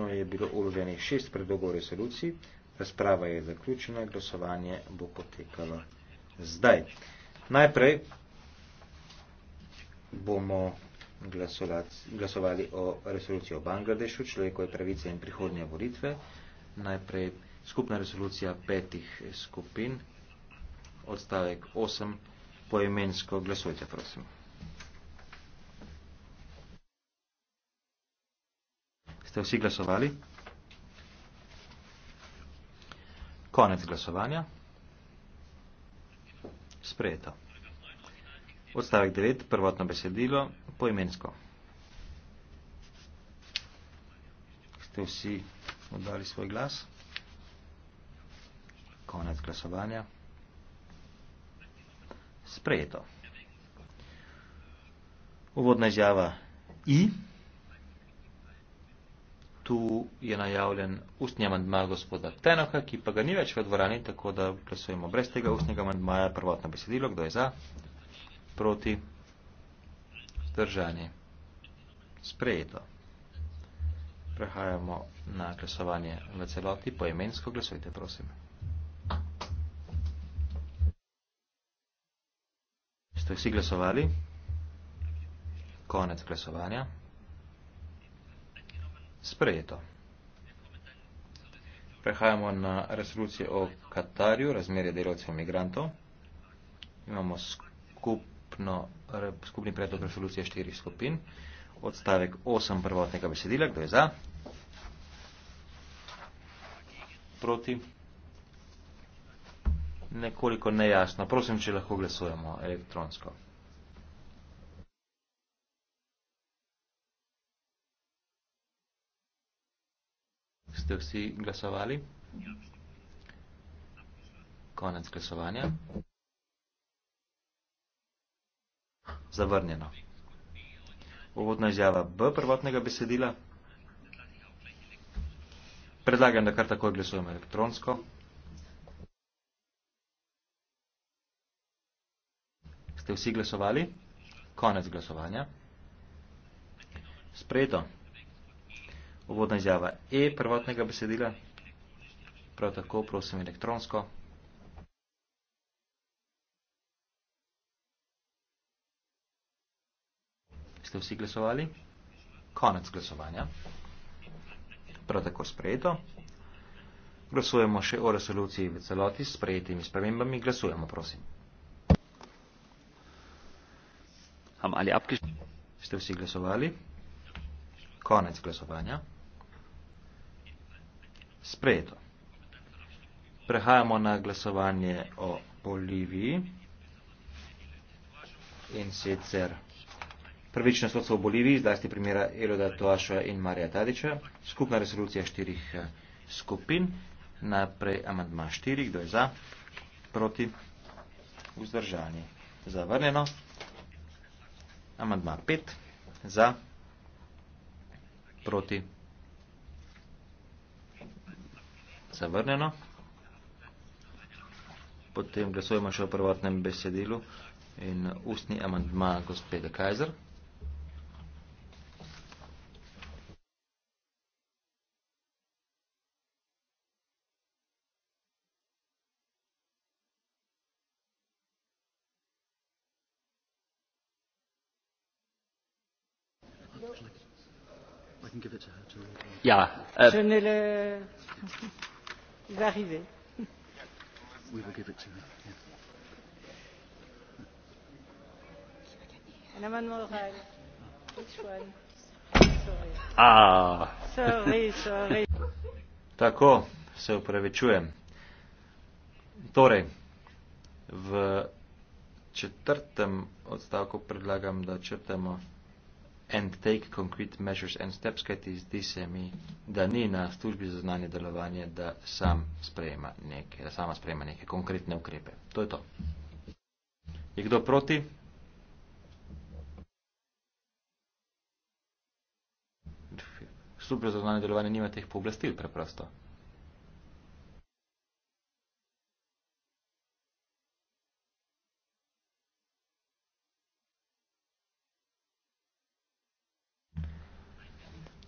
Ono je bilo uloženih šest predlogov resolucij, razprava je zaključena, glasovanje bo potekalo zdaj. Najprej bomo glasovali o resoluciji o Bangladešu, človekove pravice in prihodnje volitve. Najprej skupna resolucija petih skupin, odstavek 8, poimensko glasujte, prosim. Ste vsi glasovali? Konec glasovanja. Sprejeto. Odstavek 9, prvotno besedilo, poimensko. Ste vsi oddali svoj glas? Konec glasovanja. Sprejeto. Uvodna izjava I tu je najavljen ustni amandma gospoda Tenoha, ki pa ga ni več v dvorani, tako da glasujemo brez tega ustnega amandmaja. Prvotno besedilo, kdo je za? Proti? Zdržani? Sprejeto. Prehajamo na glasovanje v celoti. Poimensko glasujte, prosim. Ste vsi glasovali? Konec glasovanja sprejeto. Prehajamo na resolucijo o Katarju, razmerje delovcev in migrantov. Imamo skupno, skupni predlog resolucije štirih skupin. Odstavek 8 prvotnega besedila. Kdo je za? Proti? Nekoliko nejasno. Prosim, če lahko glasujemo elektronsko. ste vsi glasovali. Konec glasovanja. Zavrnjeno. Uvodna izjava B prvotnega besedila. Predlagam, da kar takoj glasujemo elektronsko. Ste vsi glasovali? Konec glasovanja. Sprejeto uvodna izjava E prvotnega besedila, prav tako prosim elektronsko. Ste vsi glasovali? Konec glasovanja. Prav tako sprejeto. Glasujemo še o resoluciji v celoti s sprejetimi spremembami. Glasujemo, prosim. Ste vsi glasovali? Konec glasovanja. Sprejeto. Prehajamo na glasovanje o Boliviji in sicer prvično sodstvo v Boliviji, zdaj ste primera Eloda Toaša in Marija Tadiča, skupna resolucija štirih eh, skupin, najprej amandma štiri, kdo je za, proti, vzdržani, zavrnjeno, amandma pet, za, Proti. Zavrnjeno. Potem glasujemo še o prvotnem besedilu in ustni amandma gospeda Kajzer. Thank you can give it to her. To yeah. Ja, eh, uh, Je le... arrivé. We will give it to her. Yeah. Mme Morel. Ah. Sorry, sorry. Tako, se upravičujem. Torej, v četrtem odstavku predlagam, da črtamo and take concrete measures and steps, kajti zdi se mi, da ni na službi za znanje delovanje, da, sam sprejema neke, da sama sprejema neke konkretne ukrepe. To je to. Je kdo proti? Služba za znanje delovanje nima teh pooblastil preprosto.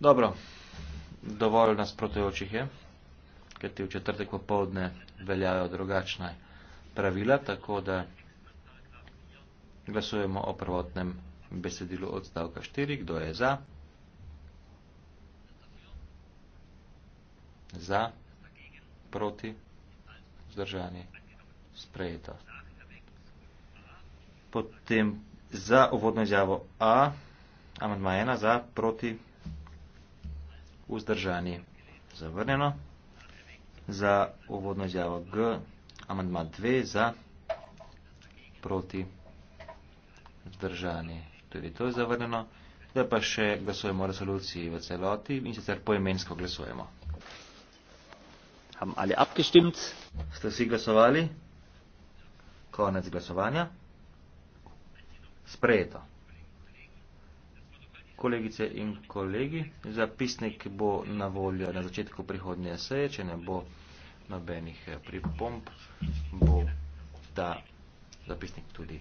Dobro, dovolj nasprotujočih je, ker ti v četrtek popovdne veljajo drugačna pravila, tako da glasujemo o prvotnem besedilu odstavka 4, kdo je za. Za, proti, vzdržani, sprejeto. Potem za uvodno izjavo A, amandma 1, za, proti, vzdržani vzdržani. Zavrnjeno. Za uvodno izjavo G, amandma 2 za proti vzdržani. Tudi to je zavrnjeno. Zdaj pa še glasujemo o resoluciji v celoti in sicer poimensko glasujemo. Haben alle abgestimmt? Ste vsi glasovali? Konec glasovanja. Sprejeto kolegice in kolegi. Zapisnik bo na voljo na začetku prihodnje seje, če ne bo nobenih eh, pripomp, bo ta zapisnik tudi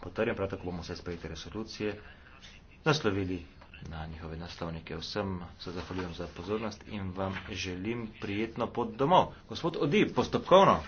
potrjen. Prav tako bomo vse sprejete resolucije naslovili na njihove naslovnike. Vsem se zahvaljujem za pozornost in vam želim prijetno pot domov. Gospod Odi, postopkovno.